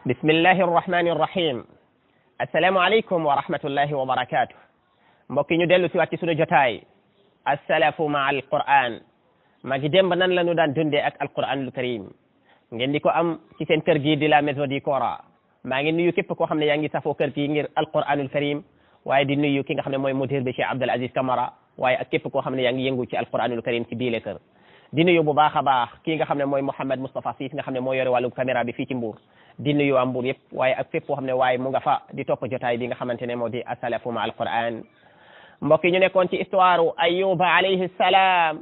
بسم الله الرحمن الرحيم السلام عليكم ورحمة الله وبركاته مبكي ندلو سوى تسود جتاي السلف مع القرآن ما جدين بنان لنو دان دندي أك القرآن الكريم نجن ديكو أم تسين ترجي دي لا مزو دي كورا ما نجن نيو كيف كو خمنا يانجي سافو كرجي نجر القرآن الكريم واي دي نيو كي خمنا موي مدير بشي عبد العزيز كامرا واي أكيف كو خمنا يانجي ينجو القرآن الكريم كي دي لكر di nuyu bu baax a baax ki nga xam ne mooy Mouhamed Moustapha Sy nga xam ne moo yore wàllu caméra bi fii ci Mbour di nuyu am Mbour yëpp waaye ak fépp foo xam ne waaye mu nga fa di topp jotaay bi nga xamante ne moo di asalafu ma alquran mbokk yi ñu nekkoon ci histoire ayuba alayhi salaam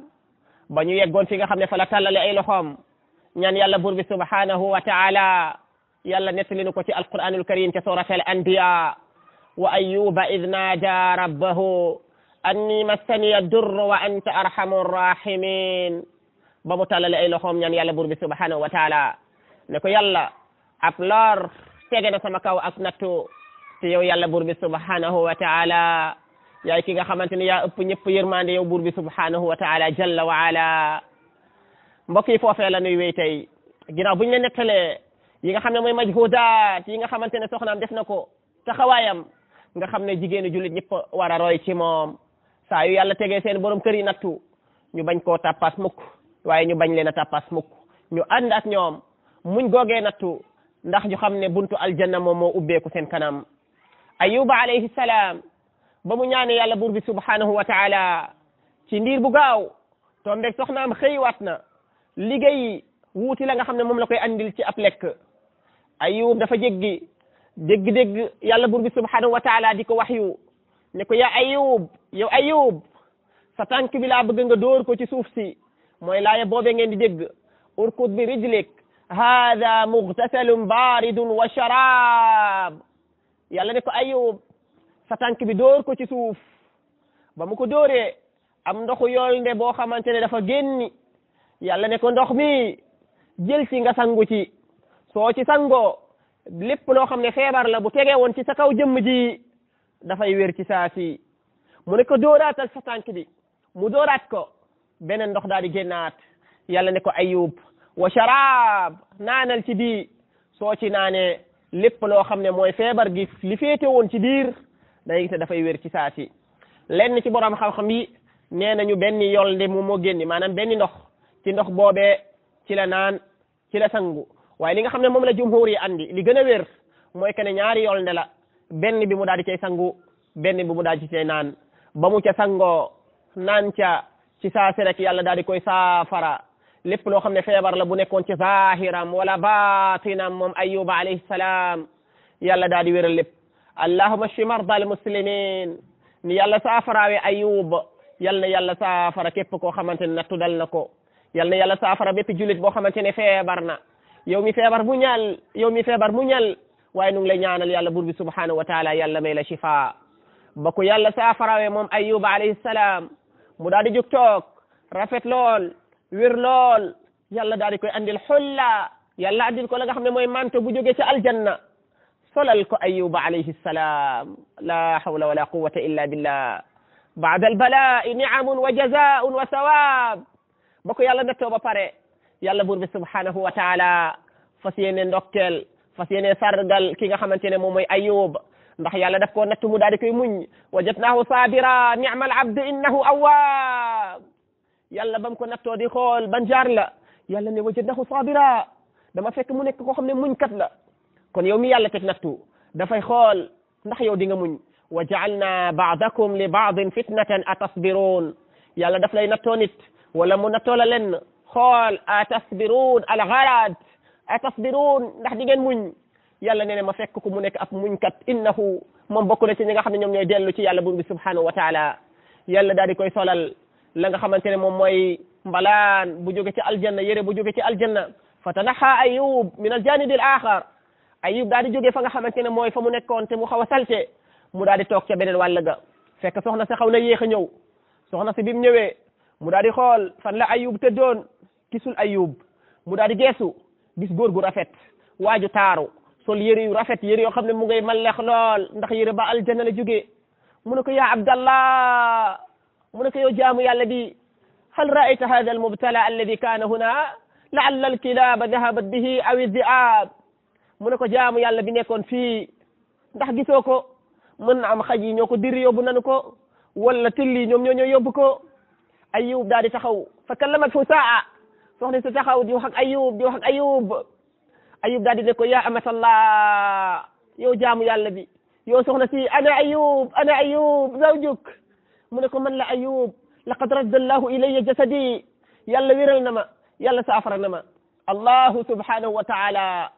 ba ñu yeggoon fi nga xam ne fa la tàllale ay loxoom ñaan yàlla bur bi subhanahu wa taala yàlla nettali ko ci alquranul karim ca sourate al anbiya wa ayuba id naada rabbahu anni massani addurru wa anta arhamu rrahimin ba mu talale ay loxoom ñaan yàlla buur bi subhanahu wa taala ne ko yàlla ab lor tege na sama kaw ak nattu te yow yàlla buur bi subhanahu wa taala yaay ki nga xamante ne yaa ëpp ñëpp yërmande yow buur bi subhanahu wa taala jalla wa ala mbokk yi foofee la nuy wéy tey ginnaaw buñ la nettalee yi nga xam ne mooy majhudaat yi nga xamante ne soxnaam def na ko taxawaayam nga xam ne jigéenu julit ñëpp war a roy ci moom saa yu yàlla tegee seen borom kër yi nattu ñu bañ koo tappas mukk waaye ñu bañ leen a tappas mukk ñu ànd ak ñoom muñ googee nattu ndax ñu xam ne buntu aljanna moom moo ubbeeku seen kanam ayuba alayhi salaam ba mu ñaane yàlla buur bi subhanahu wa taala ci ndiir bu gaaw tombeg soxnaam xëywaat na liggéey wuuti la nga xam ne moom la koy andil ci ab lekk ayub dafa jéggi dégg-dégg yàlla buur bi subhanahu di ko wax yu ne ko yaa ayub yow ayub sa tànk bi laa bëgg nga dóor ko ci suuf si mooy laaye boobe ngeen di dégg urkud bi rijlik hada mughtasalun baridun wa sharab yàlla ne ko ayub sa tànk bi dóor ko ci suuf ba mu ko dóoree am ndoxu yool nde boo xamante ne dafa génni yàlla ne ko ndox mi jël ci nga sangu ci soo ci sangoo lépp loo xam ne feebar la bu tege woon ci sa kaw jëmm ji dafay wér ci saa mu ne ko dóoraatal sa tànk bi mu dooraat ko beneen ndox daal di génnaat yàlla ne ko ayub wa sharaab naanal ci bii soo ci naanee lépp loo xam ne mooy feebar gi li féete woon ci biir day gis ne dafay wér ci saa si lenn ci borom xam-xam yi nee nañu benn yolnde moom moo génni maanaam benn ndox ci ndox boobee ci la naan ci la sangu waaye li nga xam ne moom la jumhur yi andi li gën a wér mooy que ne ñaari yolnde la benn bi mu daal di cay sangu benn bi mu daal di cay naan ci saase rek yàlla daal di koy saafara lépp loo xam ne feebar la bu nekkoon ci zahiram wala batinam moom ayuba alayhi salaam yàlla daal di wéral lépp allahuma shi marda al muslimin ni yàlla saafaraawe ayub yàlla na yàlla saafara képp koo xamante ne nattu na ko yal na yàlla saafara bépp julit boo xamante ne feebar na yow mi feebar mu ñal yow mi feebar mu ñal waaye nu ngi lay ñaanal yàlla buur bi subhanahu wa taala yàlla may la shifa ba ko yàlla saafaraawe moom ayuba alayhi salaam mu daal di jóg toog rafet lool wér lool yàlla daal di koy andil xulla yàlla andil ko la nga xam ne mooy manto bu jógee ci aljanna solal ko ayuba alayhi salaam la hawla wala quwata illa billah بعد البلاء نعم وجزاء وثواب بكو يالا نتو با yàlla يالا بور سبحانه وتعالى فاسيني ندوكل فاسيني سارغال كيغا خامتيني موموي ايوب ndax yàlla daf koo natt mu daal di koy muñ wajatnahu sabira ni'ma abd innahu awwab yàlla bam ko nattoo di xool ban jaar la yàlla ne wajatnahu sabira dama fekk mu nekk koo xam ne muñ kat la kon yow mi yàlla teg nattu dafay xool ndax yow di nga muñ wa jaalna baadakum li baadin fitnatan atasbiruun yàlla daf lay nattoo nit wala mu nattoo la lenn xool atasbiruun alxaraad atasbiruun ndax di ngeen muñ yàlla nee ma fekk ko mu nekk ab kat innahu mom bokku na ci ñi nga xam ne ñoom ci yàlla bi subhanahu wa taala yàlla daal di koy solal la nga xamantene mom moy mbalan bu jóge ci aljanna yére bu jóge ci aljanna fatanaha ayub min aljanib al ayub daal di jóge fa nga xamantene moy fa mu nekkon te mu xawa salte mu daal di tok ci benen walla ga fekk soxna sa xawna yéex ñëw soxna sa bi ñewé mu daal di xol fan la ayub doon kisul ayub mu daal di gesu gis gor gu rafet waju taru sol yére yu rafet yére yoo xam ne mu ngay malleex lool ndax yére ba aljana la jóge mu ne ko yaa abdallah mu ne ko yow jaamu yàlla bi hal raayta hada almubtala alladi kaana huna laalla alkilaaba dhahabat bihi aw diaab mu ne ko jaamu yàlla bi nekkoon fii ndax gisoo ko mën am xaj yi ñoo ko diri yóbbu nanu ko wala tilli ñoom ñoo ñoo yóbbu ko ayub daal di taxaw fa kallamat fu saa soxna si taxaw di wax ak ayub di wax ak ayub ايوب daldi ne يا ya amatallah yow jaamu yalla bi yow soxna si انا ايوب انا ايوب زوجك mu من ko man la ayub laqad radda allah ilayya jasadi yalla wiral nama yalla الله سبحانه وتعالى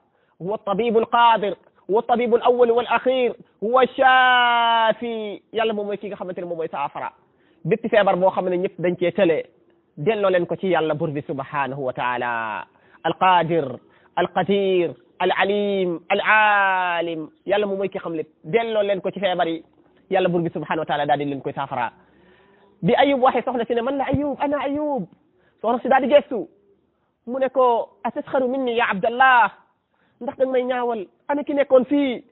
هو الطبيب القادر هو الطبيب الاول والاخير هو الشافي يلا مومي كيغا خامتني مومي سافرا بيت فيبر بو خامني نيب دنجي تيلي دلو لين كو سي يالا سبحانه وتعالى القادر alqatir al alim al alim yàlla moom mooy ki xam lépp delloo leen ko ci feebar yi yàlla bur bi subhanahu wa taala daal di leen koy saafara bi ayub waxee soxna si ne man la ayub ana ayub soxna si daal di gestu mu ne ko atasxaru minni ya abdallah ndax danga may ñaawal ana ki nekkoon fii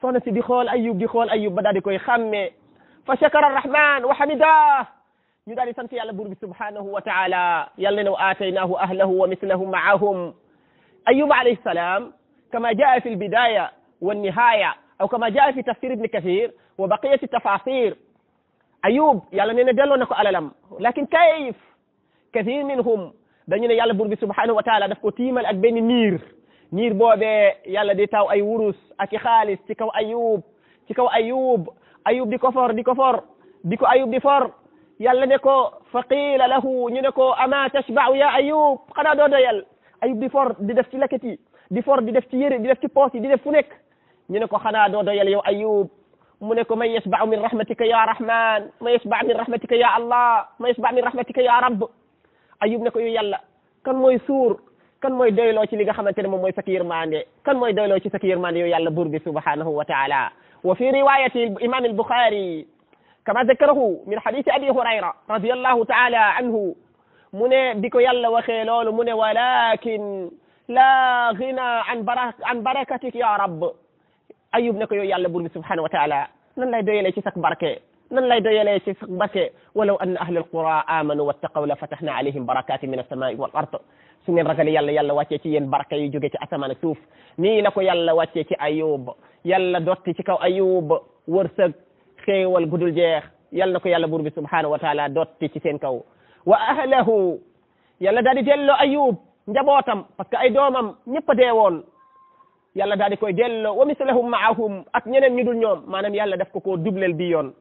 soxna si di xool ayub di xool ayub ba daal di koy xàmmee fa shakara arrahman wa hamidah ñu daal di sant yàlla bur bi subhanahu wa taala yàlla ne wa aataynaahu ahlahu wa mislahum maahum أيوب عليه السلام كما جاء في البداية والنهاية أو كما جاء في تفسير ابن كثير وبقية التفاصيل أيوب يلا ندلو نكو على لم لكن كيف كثير منهم دنينا يلا برب سبحانه وتعالى دفكو تيما الأكبين نير نير بوبي يلا دي تاو أي ورس أكي خالص تكو أيوب تكو أيوب أيوب دي كفر دي كفر ديكو أيوب دي فر يلا نكو فقيل له نكو أما تشبع يا أيوب قنا دو يلا ay di for di def ci lekket di for di def ci yére di def ci poos di def fu nekk ñu ne ko xanaa doo doyal yow ayub mu ne ko man yasba'u min rahmatika ya rahman man yasba'u min rahmatika ya allah man yasba'u min rahmatika ya rabb ayub ne ko yow yàlla kan moy suur kan mooy doyloo ci li nga xamantene mom moy mooy mande kan moy doylo ci sa mande yow yàlla buur bi subhanahu wa taala wa fi riwayati imam al-bukhari kama dhakarahu min hadith abi hurayra radiyallahu ta'ala anhu مني بيكو يلا وخيلول مني ولكن لا غنى عن بركة عن بركتك يا رب ايوب نكو يلا بور سبحانه وتعالى نان لا يدوي سي سك بركه نان لا يدوي سي سك بركه ولو ان اهل القرى امنوا واتقوا لفتحنا عليهم بركات من السماء والارض سنين رجل يلا يلا واتي ين بركه يي جوغي سي اسمان توف ني نكو يلا واتي ايوب يلا دوتي سي كاو ايوب ورسك خي غدول جيخ يلا نكو يلا بور سبحانه وتعالى دوتي سي كاو wa ahlahu yàlla daal di delloo ayub njabootam parce que ay doomam ñëpp a deewoon yàlla daal di koy delloo wa mislahum maahum ak ñeneen ñu dul ñoom maanaam yàlla daf ko koo dubleel bi yoon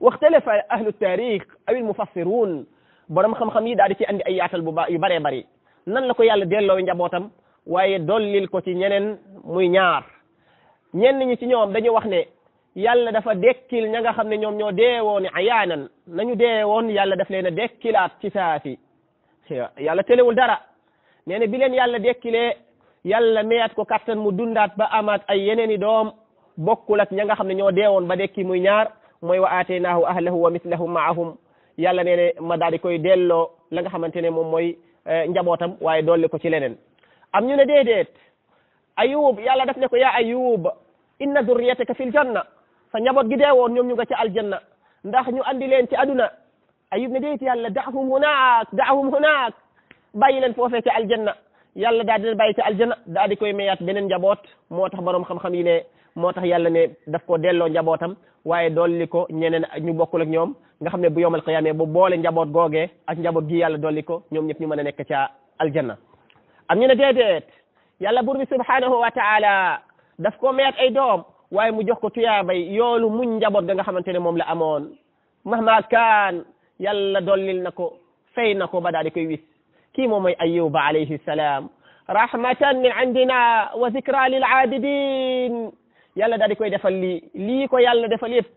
waxtalafa ahlu taarix aw il mufassiruun borom xam-xam yi daal di ci andi ay yaatal bu ba yu baree bari nan la ko yàlla delloo njabootam waaye dollil ko ci ñeneen muy ñaar ñenn ñi ci ñoom dañu wax ne yàlla dafa dekkil ña nga xam ne ñoom ñoo deewoon ayaanan nañu deewoon yàlla daf leen a dekkilaat ci saasi yàlla telewul dara nee na bi leen yàlla dekkilee yàlla meyaat ko kattan mu dundaat ba amaat ay yeneeni doom bokkul ak ña nga xam ne ñoo deewoon ba dekki muy ñaar mooy wa aataynaahu ahlahu wa mislahum maahum yàlla nee ne ma daal di koy delloo la nga xamante ne moom mooy eh, njabootam waaye dolli ko ci leneen am ñu ne déedéet ayub daf ne ko yaa inna durriyataka sa njaboot gi dee woon ñoom ñu nga ci aljanna ndax ñu andi leen ci aduna ayub ne déet yàlla daxum hunaak daxum hunaak bàyyi leen foofee ci aljanna yàlla daal dina bàyyi ci aljanna daal di koy mayaat beneen njaboot moo tax borom xam-xam yi ne moo tax yàlla ne daf ko delloo njabootam waaye dolli ko ñeneen ñu bokkul ak ñoom nga xam ne bu yomal qiyaamee bu boole njaboot googee ak njaboot gi yàlla dolli ko ñoom ñëpp ñu mën a nekk ca aljanna am ñu ne déedéet yàlla bur bi subhanahu wa taala daf ko meyat ay doom waaye mu jox ko tuyaabay yoolu muñ njaboot ga nga xamantene ne moom la amoon mahma kaan yàlla dollil na ko fay na ko ba daal di koy wis kii moom mooy ayuba alayhi salaam rahmatan min indina wa zikra lil aadidin yàlla daal di koy defal lii lii ko yàlla defal yëpp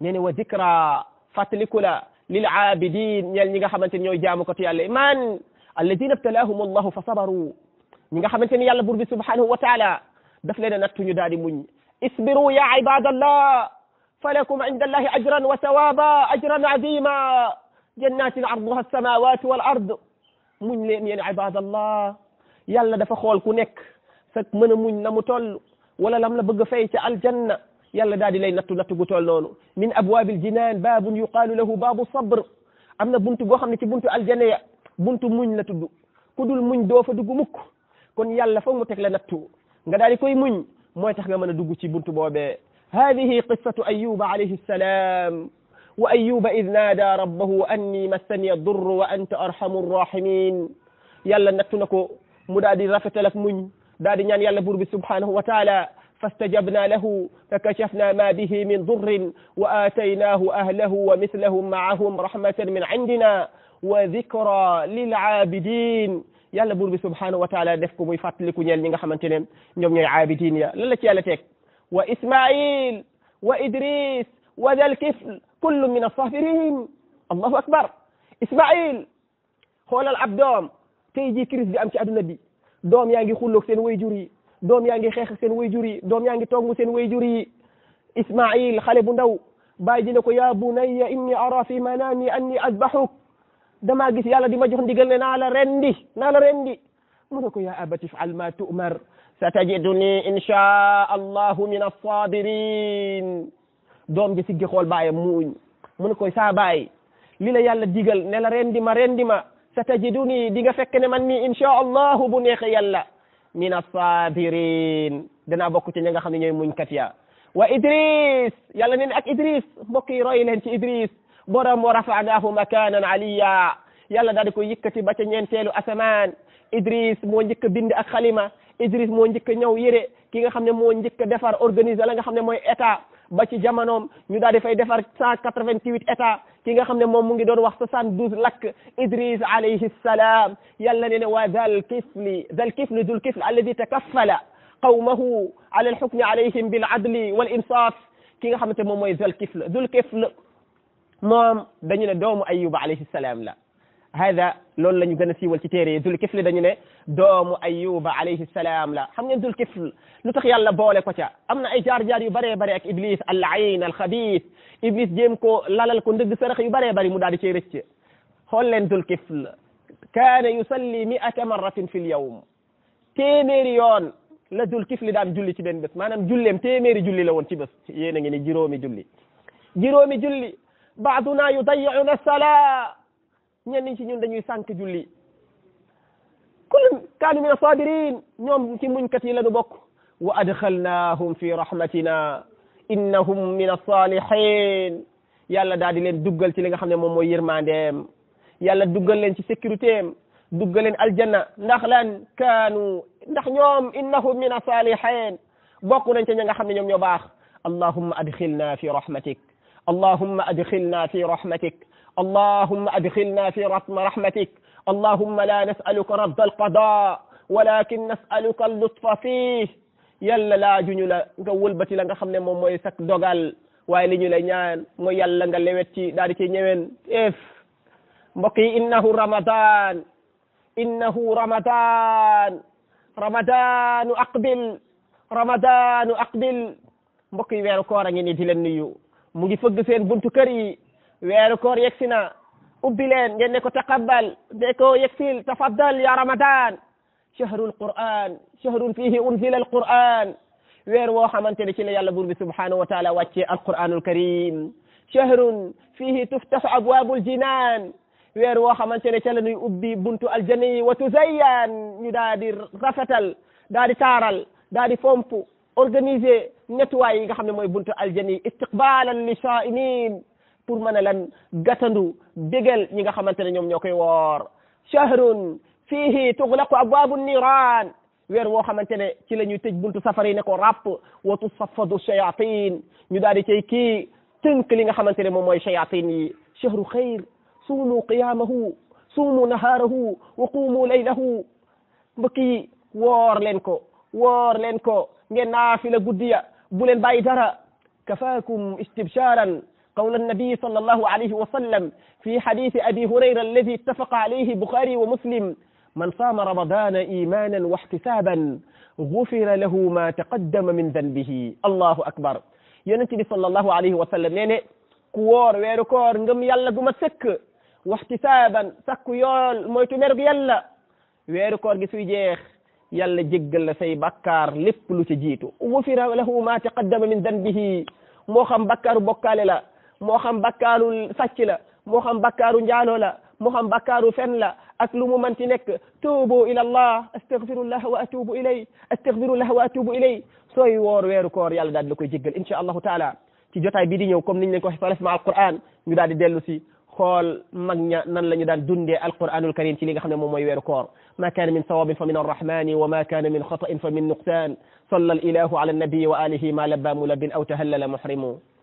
nee ne wa zikra fàttaliku la lil aabidin ñeel ñi nga xamante ne ñooy jaamu ko tu yàlla iman alladina btalahum allahu fa sabaru ñi nga xamante ne yàlla bur bi subhanahu wa taala daf leen a ñu daal di muñ اصبروا يا عباد الله فلكم عند الله اجرا وثوابا اجرا عظيما جنات عرضها السماوات والارض من يا عباد الله يلا دا فخول كو نيك فك من من نمو تول ولا لم لا بغ فاي الجنه يلا دادي لي نتو نتو غو تول نونو من ابواب الجنان باب يقال له باب الصبر امنا بنتو غو خامني تي بنتو الجنه يا بنتو مون لا تدو كودول مون دو فا دغ موك كون يلا فا تك لا نتو nga daal koy muñ هذه قصة أيوب عليه السلام وأيوب إذ نادى ربه أني مسني الضر وأنت أرحم الراحمين يلا نكتنكو مدادي رفت لك من دادي نيان يلا بربي سبحانه وتعالى فاستجبنا له فكشفنا ما به من ضر وآتيناه أهله ومثلهم معهم رحمة من عندنا وذكرى للعابدين yàlla bur bi subhanahu wa taala def ko muy fàttaliku ñel ñi nga xamantene ñom ñoy ñooy aabidin ya lan la ci yàlla tek wa ismail wa idris wa dal kifl kullu min as-safirin allahu akbar ismail xoolal ab doom tey jii crise bi am ci aduna bi dom yaa ngi xulloog seen way jur yi doom xex sen xeex seen way jur yi doom yaa ngi way jur ismail xale bu ndaw bàyyi ji ko ya bunayya inni ara fi manami anni azbahuk damaa gis yàlla di ma jox ndigal ne naa la rendi naa la rendi mu ne ko yaa abati ifal ma tu'mar satajiduni insha allahu min as-sabirin doom ji siggi xool baaye muuñ mu ne koy saa baay li la yàlla digal ne la rendi ma rendi ma sa satajiduni di nga fekk ne man mi insha allahu bu neexe yàlla min as-sabirin danaa bokku ci ña nga xam ne ñooy muñkat wa idris yàlla ne ak idris mbokk yi roy leen ci idris borom wa rafanaahu makanan aliya yàlla daal di koy yëkkati ba ca ñeenteelu asamaan idris moo njëkk bind ak xalima idris moo njëkk ñëw yére ki nga xam ne moo njëkk defar organiser la nga xam ne mooy état ba ci jamonoom ñu daal di fay defar cent quatre vingt huit état ki nga xam ne moom mu ngi doon wax soixante douze lakk idris alayhi salaam yàlla ne ne waa dal kifli dal kifli dul kifli alladi takaffala qawmahu ala alxukmi alayhim bil adli wal insaf ki nga xamante moom mooy dal kifl dul kifl moom dañu ne doomu ayuba alayhi salaam la hada loolu la ñu gën a siiwal ci téere dul kifl dañu ne doomu ayuba alayhi salaam la xam ngeen dul kifl lu tax yàlla boole ko ca am na ay jaar-jaar yu bëree bëri ak iblis al ayn al xabiis iblis jéem ko lalal ko ndëgg sarax yu bëree bëri mu daal di cay rëcc xool leen dul kifl kaana yusalli miata marratin fi l yawm téeméeri yoon la dul kifli daan julli ci benn bés maanaam julleem téeméeri julli la woon ci bés yéen a ngi ne juróomi julli juróomi julli baaduna yudayyuna sala ñenn ci ñun dañuy sànk julli kulun kaanu min asabirin ñoom ci muñkat yi lañu bokk wa adxalnahum fi rahmatina innahum min asalihin yàlla daal di leen duggal ci li nga xam ne moom mooy yërmandeem yàlla duggal leen ci sécurité am duggal leen aljanna ndax lan kaanu ndax ñoom innahum min asalihin bokk nañ ci ña nga xam ne ñoom ñoo baax allahumma adxilna fi rahmatik اللهم أدخلنا في رحمتك اللهم أدخلنا في رحم رحمتك اللهم لا نسألك رد القضاء ولكن نسألك اللطف فيه يلا لا جنولا قول بتي لنغا خمنا مومو يسك دوغال واي لي نيولا نيان مو يلا لنغا لويتي داري تي نيوين اف بقي انه رمضان انه رمضان رمضان اقبل رمضان اقبل بقي ويرو كورا ني mu ngi fëgg seen buntu kër yi weeru koor yegsi na ubbi leen ngeen ne ko taqabbal de ko yegsil tafaddal ya ramadan shahrul quran shahrun fihi unzila alquran weer woo xamante ne ci la yàlla bur bi subhanahu wa taala wàccee alquranul karim shahrun fihi tuftahu abwabul jinan weer woo xamante ne ca la nuy ubbi buntu aljanna yi wa tuzayyan ñu daa di rafetal daa di taaral daa di fomp organiser nettuwaay yi nga xam ne mooy buntu aljan yi istiqbalan li pour mën a lan gatandu bégal ñi nga xamante ne ñoom ñoo koy woor shahrun fihi tuglaqu abwaabu niran weer woo xamante ne ci la ñuy tëj buntu safar yi ne ko ràpp wa tusaffadu shayatin ñu daal di cay kii tënk li nga xamante ne moom mooy shayatin yi shahru xayr suumu qiyamahu suumu naharahu wa quumu laylahu mbokk yi woor leen ko woor leen ko ngeen naafila guddiya بولن باي ترى كفاكم استبشارا قول النبي صلى الله عليه وسلم في حديث ابي هريره الذي اتفق عليه بخاري ومسلم من صام رمضان ايمانا واحتسابا غفر له ما تقدم من ذنبه الله اكبر ينتي صلى الله عليه وسلم يعني كوار ويرو كور نغم يالا غوما سك واحتسابا سكو يول مويتو ميرغ يالا ويرو كور جي سوي yàlla jéggal la say bakkaar lépp lu ca jiitu gufira lahu ma taqaddama min danbihi moo xam bakkaaru bokkaale la moo xam bakkaaru sàcc la moo xam bakkaaru njaaloo la moo xam bakkaaru fen la ak lu mu manti nekk tuubu ila allah astagfirullah wa atubu ilay astagfirullah wa atubu ilay sooy woor weeru koor yàlla daal di la koy jéggal insha allahu taala ci jotaay bii di ñëw comme niñ leen ko waxee salaf ma alquran ñu daal di dellu si خول مغنا نان لا ني دان دوندي القران الكريم تي ليغا خا نمو موي كور ما كان من ثواب فمن الرحمن وما كان من خطا فمن نقصان صلى الاله على النبي واله ما لبى ملب او تهلل محرم